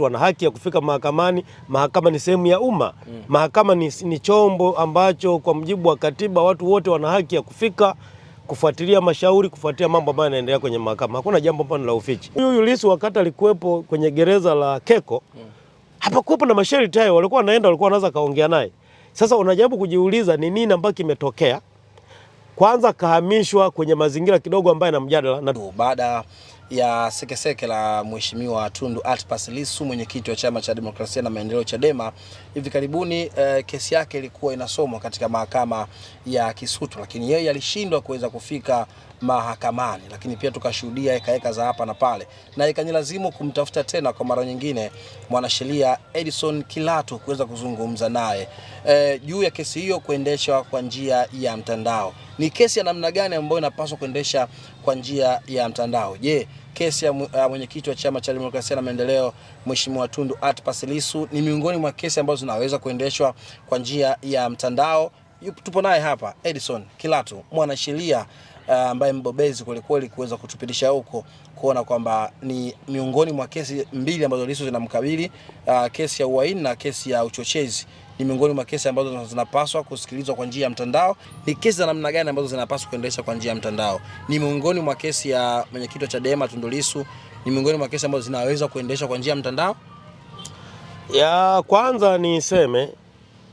Wana haki ya kufika mahakamani. Mahakama ni sehemu ya umma mm. Mahakama ni, ni chombo ambacho kwa mujibu wa katiba watu wote wana haki ya kufika kufuatilia mashauri, kufuatilia mambo ambayo yanaendelea kwenye mahakama. Hakuna jambo ambalo la ufichi. Huyu Lissu wakati alikuwepo kwenye gereza la Keko mm. hapakuwepo na masharti hayo, walikuwa wanaenda, walikuwa wanaanza kaongea naye. Sasa unajaribu kujiuliza ni nini ambacho kimetokea. Kwanza kahamishwa kwenye mazingira kidogo ambayo na mjadala na baada ya sekeseke seke la Mheshimiwa Tundu Antipas Lissu mwenyekiti wa Chama cha Demokrasia na Maendeleo Chadema. Hivi karibuni eh, kesi yake ilikuwa inasomwa katika mahakama ya Kisutu, lakini yeye alishindwa kuweza kufika mahakamani, lakini pia tukashuhudia hekaheka za hapa na pale, na ikanilazimu kumtafuta tena kwa mara nyingine mwanasheria Edison Kilatu kuweza kuzungumza naye eh, juu ya kesi hiyo kuendeshwa kwa njia ya mtandao. Ni kesi ya namna gani ambayo inapaswa kuendesha kwa njia ya mtandao. Je, kesi ya mwenyekiti wa Chama cha Demokrasia na Maendeleo Mheshimiwa Tundu Antipas Lissu ni miongoni mwa kesi ambazo zinaweza kuendeshwa kwa njia ya mtandao? Tupo naye hapa Edison Kilatu, mwanasheria eh, ambaye uh, mbobezi kwelikweli kuweza kutupitisha huko kuona kwamba ni miongoni mwa kesi mbili ambazo Lissu zinamkabili, uh, kesi ya uhaini na kesi ya uchochezi ni miongoni mwa kesi ambazo zinapaswa kusikilizwa kwa njia ya mtandao. Ni kesi za namna gani ambazo zinapaswa kuendelea kwa njia ya mtandao? Ni miongoni mwa kesi ya mwenyekiti wa Chadema Tundu Lissu, ni miongoni mwa kesi ambazo zinaweza kuendeshwa kwa njia ya mtandao. Ya kwanza niseme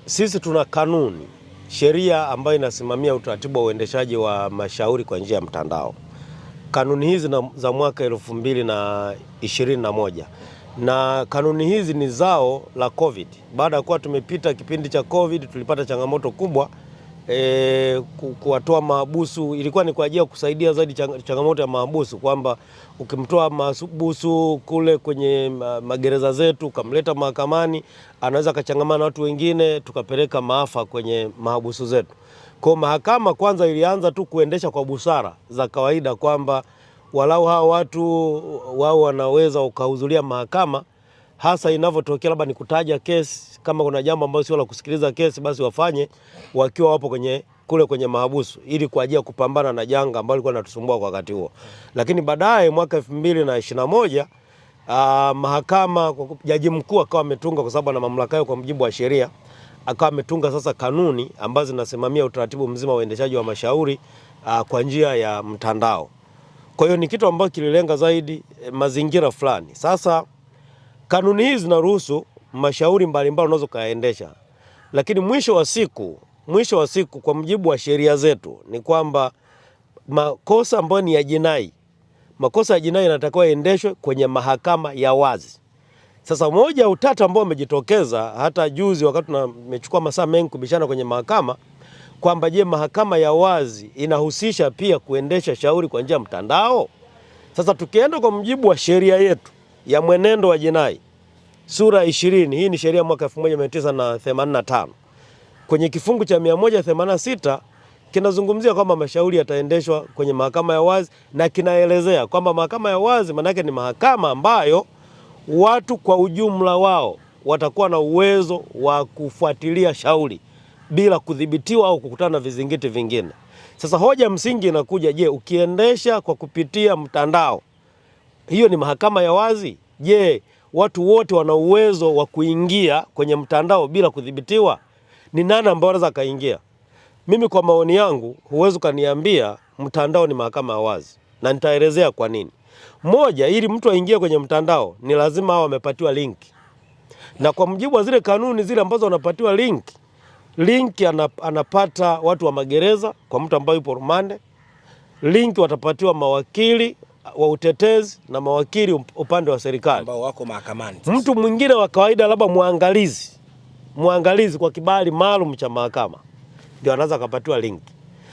sisi tuna kanuni, sheria ambayo inasimamia utaratibu wa uendeshaji wa mashauri kwa njia ya mtandao. Kanuni hizi za mwaka elfu mbili na ishirini na moja na kanuni hizi ni zao la COVID. Baada ya kuwa tumepita kipindi cha COVID, tulipata changamoto kubwa e, kuwatoa mahabusu. Ilikuwa ni kwa ajili ya kusaidia zaidi changamoto ya mahabusu, kwamba ukimtoa mahabusu kule kwenye magereza zetu ukamleta mahakamani, anaweza akachangamana na watu wengine, tukapeleka maafa kwenye mahabusu zetu. Kwa mahakama kwanza ilianza tu kuendesha kwa busara za kawaida kwamba walau hawa watu wao wanaweza ukahudhuria mahakama, hasa inavyotokea labda ni kutaja kesi. Kama kuna jambo ambalo sio la kusikiliza kesi, basi wafanye wakiwa wapo kwenye kule kwenye mahabusu, ili kwa ajili ya kupambana na janga ambalo lilikuwa linatusumbua kwa wakati huo. Lakini baadaye mwaka elfu mbili na ishirini na moja Uh, mahakama jaji mkuu akawa ametunga kwa sababu ana mamlaka hayo kwa mujibu wa sheria, akawa ametunga sasa kanuni ambazo zinasimamia utaratibu mzima wa uendeshaji wa mashauri uh, kwa njia ya mtandao. Kwa hiyo ni kitu ambacho kililenga zaidi eh, mazingira fulani. Sasa kanuni hizi zinaruhusu mashauri mbalimbali unaweza ukaendesha, lakini mwisho wa siku, mwisho wa siku kwa mujibu wa sheria zetu ni kwamba makosa ambayo ni ya jinai, makosa ya jinai yanatakiwa yaendeshwe kwenye mahakama ya wazi. Sasa moja utata ambao umejitokeza hata juzi, wakati tumechukua masaa mengi kubishana kwenye mahakama kwamba je, mahakama ya wazi inahusisha pia kuendesha shauri kwa njia ya mtandao? Sasa tukienda kwa mujibu wa sheria yetu ya mwenendo wa jinai sura 20, hii ni sheria mwaka 1985 kwenye kifungu cha 186 kinazungumzia kwamba mashauri yataendeshwa kwenye mahakama ya wazi na kinaelezea kwamba mahakama ya wazi maanake ni mahakama ambayo watu kwa ujumla wao watakuwa na uwezo wa kufuatilia shauri bila kudhibitiwa au kukutana na vizingiti vingine. Sasa hoja msingi inakuja, je, ukiendesha kwa kupitia mtandao, hiyo ni mahakama ya wazi? Je, watu wote wana uwezo wa kuingia kwenye mtandao bila kudhibitiwa? Ni nani ambao anaweza akaingia? Mimi kwa maoni yangu, huwezi ukaniambia mtandao ni mahakama ya wazi, na nitaelezea kwa nini. Moja, ili mtu aingie kwenye mtandao ni lazima awe amepatiwa linki, na kwa mujibu wa zile kanuni zile ambazo wanapatiwa linki Link anapata watu wa magereza kwa mtu ambaye yupo rumande. Link watapatiwa mawakili uh, wa utetezi na mawakili upande wa serikali ambao wako mahakamani. Mtu mwingine wa kawaida, labda mwangalizi, mwangalizi kwa kibali maalum cha mahakama, ndio anaweza akapatiwa link.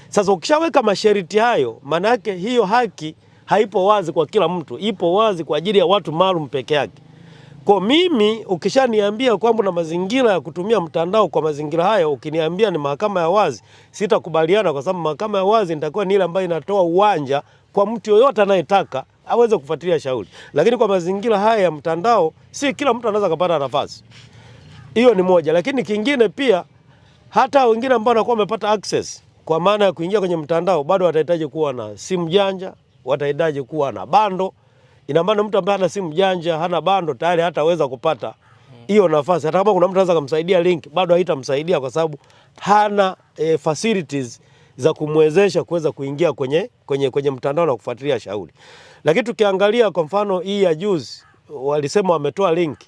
Sasa ukishaweka masharti hayo, maana yake hiyo haki haipo wazi kwa kila mtu, ipo wazi kwa ajili ya watu maalum peke yake. Kwa mimi ukishaniambia kwamba na mazingira ya kutumia mtandao kwa mazingira haya, ukiniambia ni mahakama ya wazi, sitakubaliana kwa sababu mahakama ya wazi nitakuwa ni ile ambayo inatoa uwanja kwa mtu yoyote anayetaka aweze kufuatilia shauri, lakini kwa mazingira haya ya mtandao, si kila mtu anaweza kupata nafasi hiyo. Ni moja, lakini kingine pia, hata wengine ambao wanakuwa wamepata access kwa maana ya kuingia kwenye mtandao, bado watahitaji kuwa na simu janja, watahitaji kuwa na bando. Ina maana mtu ambaye hana simu janja, hana bando tayari hataweza kupata hiyo hmm, nafasi. Hata kama kuna mtu anaweza kumsaidia link, bado haitamsaidia kwa sababu hana e, facilities za kumwezesha kuweza kuingia kwenye, kwenye, kwenye mtandao na kufuatilia shauri. Lakini tukiangalia kwa mfano hii ya juzi walisema wametoa link.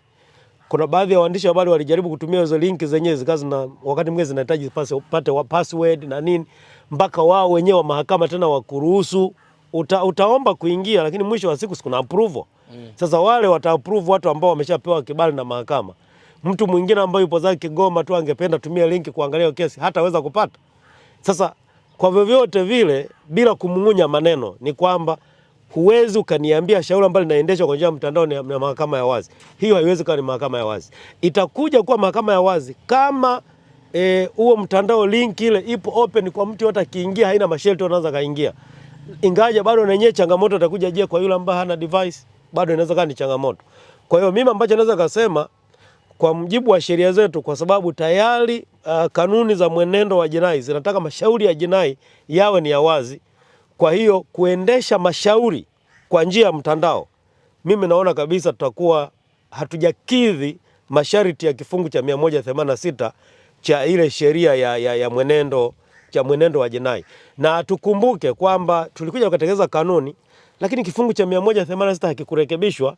Kuna baadhi ya waandishi wa habari walijaribu kutumia hizo linki zenyewe zikawa zina wakati mwingine zinahitaji pate password na nini mpaka wao wenyewe wa mahakama tena wakuruhusu uta, utaomba kuingia, lakini mwisho wa siku sikuna approval mm. Sasa wale wata approve watu ambao wameshapewa kibali na mahakama. Mtu mwingine ambaye yupo zake Kigoma tu angependa tumia link kuangalia hiyo kesi hataweza kupata. Sasa kwa vyovyote vile, bila kumung'unya maneno, ni kwamba huwezi ukaniambia shauri ambalo linaendeshwa kwa njia ya mtandao na mahakama ya wazi. Hiyo haiwezi kuwa ni mahakama ya wazi. Itakuja kuwa mahakama ya wazi kama eh, huo e, mtandao link ile ipo open kwa mtu yote akiingia, haina masharti, anaweza kaingia ingaja bado na yeye changamoto atakuja Je, kwa yule ambaye hana device bado inaweza kuwa ni changamoto. Kwa hiyo mimi ambacho naweza kusema kwa mjibu wa sheria zetu, kwa sababu tayari uh, kanuni za mwenendo wa jinai zinataka mashauri ya jinai yawe ni ya wazi. Kwa hiyo kuendesha mashauri kwa njia ya mtandao, mimi naona kabisa tutakuwa hatujakidhi masharti ya kifungu cha 186 cha ile sheria ya, ya, ya mwenendo cha mwenendo wa jinai, na tukumbuke kwamba tulikuja tukatengeneza kanuni, lakini kifungu cha 186 hakikurekebishwa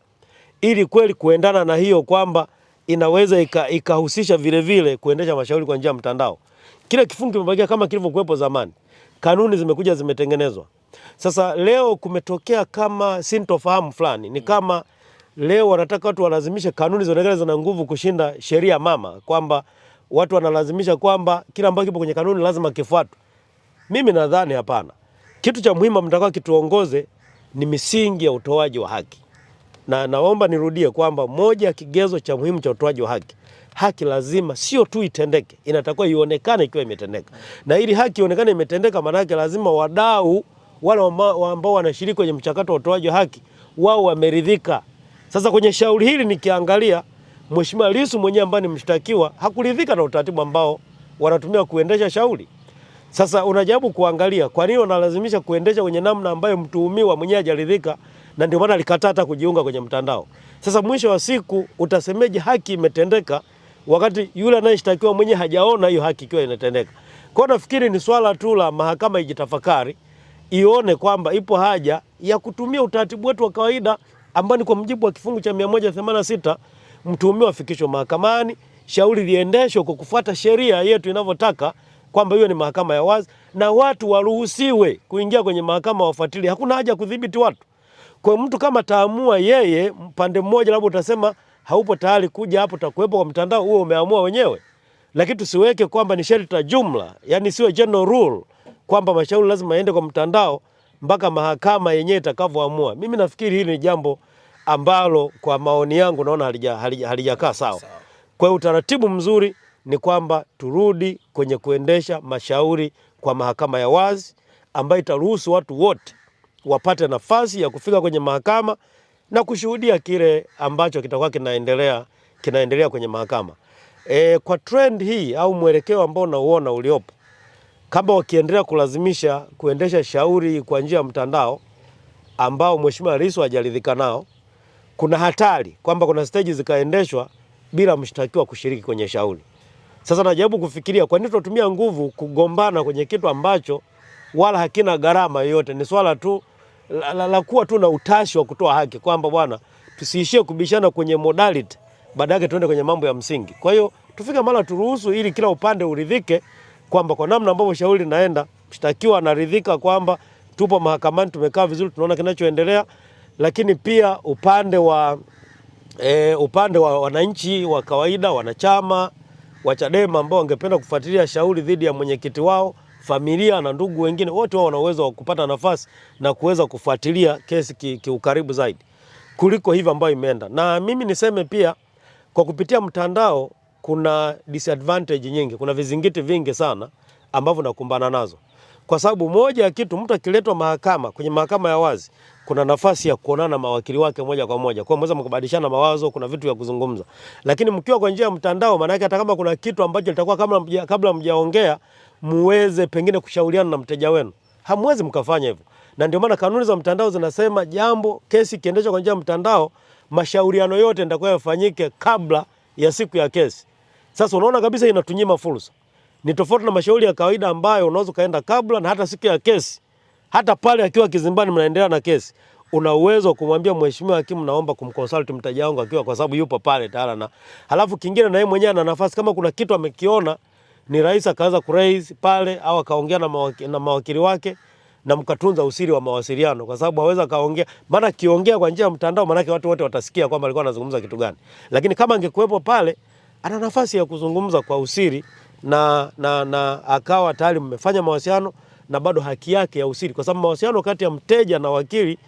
ili kweli kuendana na hiyo kwamba inaweza ikahusisha ika vilevile kuendesha mashauri kwa njia ya mtandao. Kile kifungu kimebakia kama kilivyokuwepo zamani, kanuni zimekuja zimetengenezwa. Sasa leo kumetokea kama sintofahamu fulani, ni kama leo wanataka watu walazimishe kanuni zionekane zina nguvu kushinda sheria mama, kwamba watu wanalazimisha kwamba kila ambacho kipo kwenye kanuni lazima kifuatwe. Mimi nadhani hapana. Kitu cha muhimu mtakao kituongoze ni misingi ya utoaji wa haki, na naomba nirudie kwamba moja ya kigezo cha muhimu cha utoaji wa haki, haki lazima sio tu itendeke, inatakiwa ionekane ikiwa imetendeka. Na ili haki ionekane imetendeka, maana yake lazima wadau wale ambao wanashiriki kwenye mchakato wa utoaji wa haki wao wameridhika. Sasa kwenye shauri hili nikiangalia Mheshimiwa Lissu mwenyewe ambaye ni mshtakiwa hakuridhika na utaratibu ambao wanatumia kuendesha shauri. Sasa unajaribu kuangalia kwa nini wanalazimisha kuendesha kwenye namna ambayo mtuhumiwa mwenyewe hajaridhika, na ndio maana alikataa hata kujiunga kwenye mtandao. Sasa mwisho wa siku utasemeje haki imetendeka wakati yule anayeshtakiwa mwenyewe hajaona hiyo haki ikiwa inatendeka? Kwa nafikiri ni swala tu la mahakama ijitafakari, ione kwamba ipo haja ya kutumia utaratibu wetu wa kawaida ambao ni kwa mujibu wa kifungu cha 186 mtuhumiwa afikishwe mahakamani, shauri liendeshwe kwa kufuata sheria yetu inavyotaka kwamba hiyo ni mahakama ya wazi, na watu waruhusiwe kuingia kwenye mahakama wafuatilie. Hakuna haja kudhibiti watu. Kwa mtu kama taamua yeye pande mmoja, labda utasema haupo tayari kuja hapo, takuepo kwa mtandao huo, umeamua wenyewe, lakini tusiweke kwamba ni sheria jumla, yani siwe general rule kwamba mashauri lazima yaende kwa mtandao mpaka mahakama yenyewe itakavyoamua. Mimi nafikiri hili ni jambo ambalo kwa maoni yangu naona halijakaa halija, halija sawa. Kwa hiyo utaratibu mzuri ni kwamba turudi kwenye kuendesha mashauri kwa mahakama ya wazi ambayo itaruhusu watu wote wapate nafasi ya kufika kwenye mahakama na kushuhudia kile ambacho kitakuwa kinaendelea, kinaendelea kwenye mahakama. E, kwa trend hii au mwelekeo ambao unauona uliopo, kama wakiendelea kulazimisha kuendesha shauri kwa njia ya mtandao ambao Mheshimiwa Rais hajaridhika nao, kuna hatari kwamba kuna stage zikaendeshwa bila mshtakiwa kushiriki kwenye shauri. Sasa najaribu kufikiria kwa nini tunatumia nguvu kugombana kwenye kitu ambacho wala hakina gharama yoyote, ni swala tu la, la, la kuwa tu na utashi wa kutoa haki kwamba bwana, tusiishie kubishana kwenye modality, baada yake tuende kwenye mambo ya msingi. Kwa hiyo tufike mara turuhusu, ili kila upande uridhike kwamba kwa namna ambavyo shauri linaenda, mshtakiwa anaridhika kwamba tupo mahakamani, tumekaa vizuri, tunaona kinachoendelea lakini pia upande wa e, upande wa wananchi wa kawaida, wanachama wa Chadema ambao wangependa kufuatilia shauri dhidi ya mwenyekiti wao, familia na ndugu wengine wote wao wana uwezo wa kupata nafasi na kuweza kufuatilia kesi kiukaribu ki zaidi kuliko hivyo ambayo imeenda. Na mimi niseme pia kwa kupitia mtandao kuna disadvantage nyingi, kuna vizingiti vingi sana ambavyo nakumbana nazo, kwa sababu moja ya kitu mtu akiletwa mahakama kwenye mahakama ya wazi kuna nafasi ya kuonana mawakili wake moja kwa moja, kwa mweza mkubadilishana mawazo, kuna vitu vya kuzungumza. Lakini mkiwa kwa njia ya mtandao, maana yake hata kama kuna kitu ambacho litakuwa kama kabla mjaongea, muweze pengine kushauriana na mteja wenu, hamwezi mkafanya hivyo. Na ndio maana kanuni za mtandao zinasema jambo, kesi ikiendeshwa kwa njia ya mtandao, mashauriano yote ndio yafanyike kabla ya siku ya kesi. Sasa unaona kabisa inatunyima fursa, ni tofauti na mashauri ya kawaida ambayo unaweza kaenda kabla na hata siku ya kesi hata pale akiwa kizimbani, mnaendelea na kesi, una uwezo wa kumwambia mheshimiwa hakimu, naomba kumconsult mteja wangu akiwa, kwa sababu yupo pale tayari. Na halafu kingine, na yeye mwenyewe ana nafasi, kama kuna kitu amekiona ni rais akaanza kuraise pale, au akaongea na, mawaki, na mawakili wake na mkatunza usiri wa mawasiliano kwa sababu aweza kaongea, maana kiongea kwa njia ya mtandao, maanake watu wote watasikia kwamba alikuwa anazungumza kitu gani. Lakini kama angekuwepo pale, ana nafasi ya kuzungumza kwa usiri na, na, na akawa tayari mmefanya mawasiliano na bado haki yake ya usiri, kwa sababu mawasiliano kati ya mteja na wakili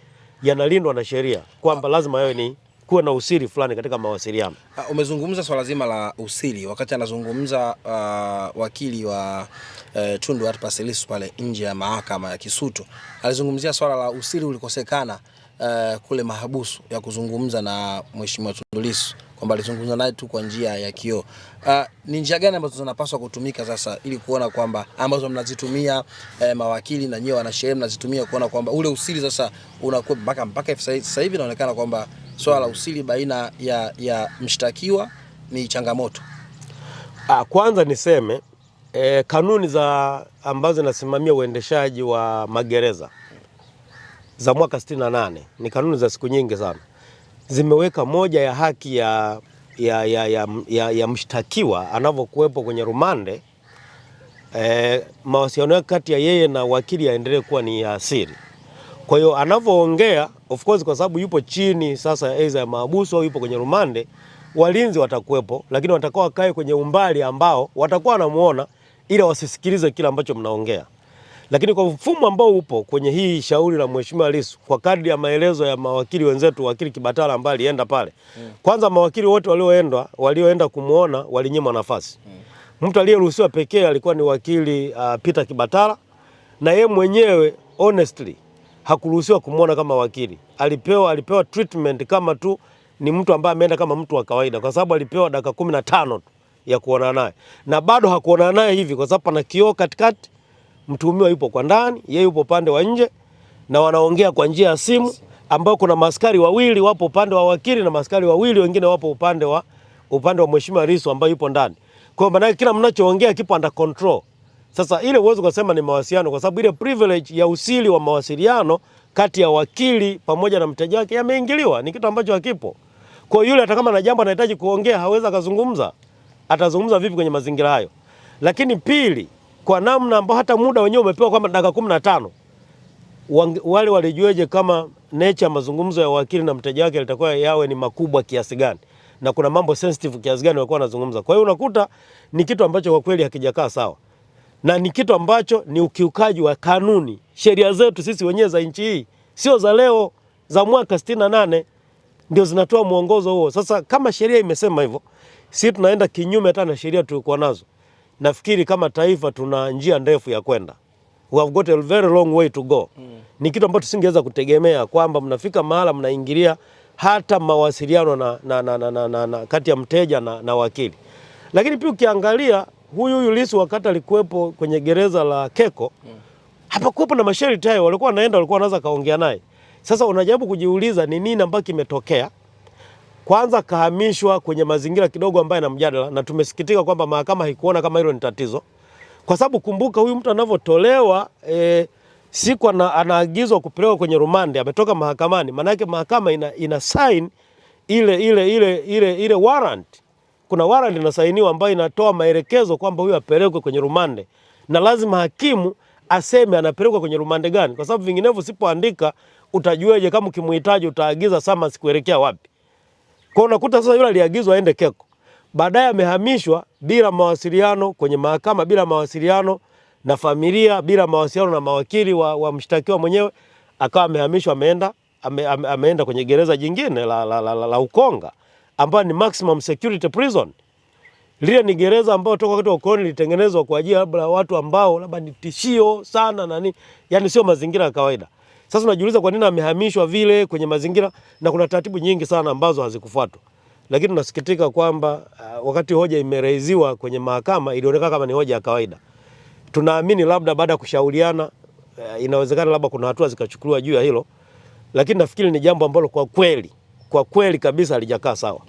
yanalindwa na sheria kwamba lazima yawe ni kuwa na usiri fulani katika mawasiliano. Ah, umezungumza swala zima la usiri wakati anazungumza uh, wakili wa uh, Tundu Antipas Lissu pale nje ya mahakama ya Kisutu alizungumzia swala la usiri ulikosekana uh, kule mahabusu ya kuzungumza na Mheshimiwa Tundu Lissu kwamba alizungumza naye tu kwa njia ya kioo. Uh, ni njia gani ambazo zinapaswa kutumika sasa ili kuona kwamba ambazo mnazitumia eh, mawakili na nyewe wanasheria mnazitumia kuona kwamba ule usiri sasa unakuwa mpaka mpaka sasa hivi inaonekana kwamba swala la usiri baina ya, ya mshtakiwa ni changamoto. Ah, kwanza niseme eh, kanuni za ambazo zinasimamia uendeshaji wa magereza za mwaka 68 ni kanuni za siku nyingi sana, zimeweka moja ya haki ya, ya, ya, ya, ya, ya mshtakiwa anavyokuwepo kwenye rumande eh, mawasiliano yake kati ya yeye na wakili yaendelee kuwa ni ya siri. Kwa hiyo anavyoongea, of course, kwa sababu yupo chini sasa aidha ya mahabusu au yupo kwenye rumande, walinzi watakuwepo, lakini watakuwa wakae kwenye umbali ambao watakuwa wanamuona, ila wasisikilize kile ambacho mnaongea. Lakini kwa mfumo ambao upo kwenye hii shauri la Mheshimiwa Lissu, kwa kadri ya maelezo ya mawakili wenzetu, wakili Kibatala ambaye alienda pale mm. Kwanza mawakili wote walioenda walioenda kumwona walinyimwa nafasi mm. Mtu aliyeruhusiwa pekee alikuwa ni wakili uh, Peter Kibatala na yeye mwenyewe honestly hakuruhusiwa kumwona kama wakili. Alipewa alipewa treatment kama tu ni mtu ambaye ameenda kama mtu wa kawaida, kwa sababu alipewa dakika kumi na tano tu ya kuona naye na bado hakuona naye hivi, kwa sababu pana kioo katikati mtuhumiwa yupo kwa ndani, yeye yupo upande wa nje na wanaongea kwa njia ya simu, ambao kuna maskari wawili wapo upande wa wakili na maskari wawili wengine wapo upande wa upande wa Mheshimiwa Lissu ambaye yupo ndani. Kwa maana kila mnachoongea kipo under control. Sasa ile uwezo kusema ni mawasiliano kwa sababu ile privilege ya usiri wa mawasiliano kati ya wakili pamoja na mteja wake yameingiliwa, ni kitu ambacho hakipo. Kwa yule hata kama na jambo anahitaji kuongea hawezi akazungumza. Atazungumza vipi kwenye mazingira hayo? Lakini pili, kwa namna ambayo hata muda wenyewe umepewa kwamba dakika kumi na tano wale walijueje kama nature mazungumzo ya wakili na mteja wake litakuwa yawe ni makubwa kiasi gani na kuna mambo sensitive kiasi gani walikuwa wanazungumza. Kwa hiyo unakuta ni kitu ambacho kwa kweli hakijakaa sawa, na ni kitu ambacho ni ukiukaji wa kanuni, sheria zetu sisi wenyewe za nchi hii, sio za leo, za mwaka sitini na nane ndio zinatoa mwongozo huo. Sasa kama sheria imesema hivyo, sisi tunaenda kinyume hata na sheria tulikuwa nazo nafikiri kama taifa tuna njia ndefu ya kwenda. We have got a very long way to go. Mm. Ni kitu ambacho tusingeweza kutegemea kwamba mnafika mahala mnaingilia hata mawasiliano na, na, na, na, na, na, na kati ya mteja na, na wakili. Lakini pia ukiangalia huyu huyu Lissu wakati alikuwepo kwenye gereza la Keko mm. hapakuwepo na masharti hayo, walikuwa wanaenda walikuwa wanaweza kaongea naye. Sasa unajaribu kujiuliza ni nini ambacho kimetokea kwanza kahamishwa kwenye mazingira kidogo ambayo yana mjadala, na tumesikitika kwamba mahakama haikuona kama hilo ni tatizo, kwa sababu kumbuka, huyu mtu anavyotolewa e, siku anaagizwa kupelekwa kwenye rumande, ametoka mahakamani, maana yake mahakama ina, ina sign ile, ile, ile, ile, ile warrant. Kuna warrant inasainiwa ambayo inatoa maelekezo kwamba huyu apelekwe kwenye rumande, na lazima hakimu aseme anapelekwa kwenye rumande gani, kwa sababu vinginevyo usipoandika utajuaje kama ukimhitaji utaagiza summons kuelekea wapi? Kwa unakuta sasa yule aliagizwa aende Keko, baadaye amehamishwa bila mawasiliano kwenye mahakama, bila mawasiliano na familia, bila mawasiliano na mawakili wa, wa mshtakiwa mwenyewe, akawa amehamishwa ameenda ame, ame, ameenda kwenye gereza jingine la, la, la, la, la Ukonga ambayo ni maximum security prison. Lile ni gereza ambayo toka wakati wa ukoloni lilitengenezwa kwa ajili labda watu ambao labda ni tishio sana na nini, yani sio mazingira ya kawaida. Sasa unajiuliza kwa nini amehamishwa vile kwenye mazingira, na kuna taratibu nyingi sana ambazo hazikufuatwa, lakini tunasikitika kwamba uh, wakati hoja imereiziwa kwenye mahakama ilionekana kama ni hoja ya kawaida. Tunaamini labda baada ya kushauriana, uh, inawezekana labda kuna hatua zikachukuliwa juu ya hilo, lakini nafikiri ni jambo ambalo kwa kweli kwa kweli kabisa alijakaa sawa.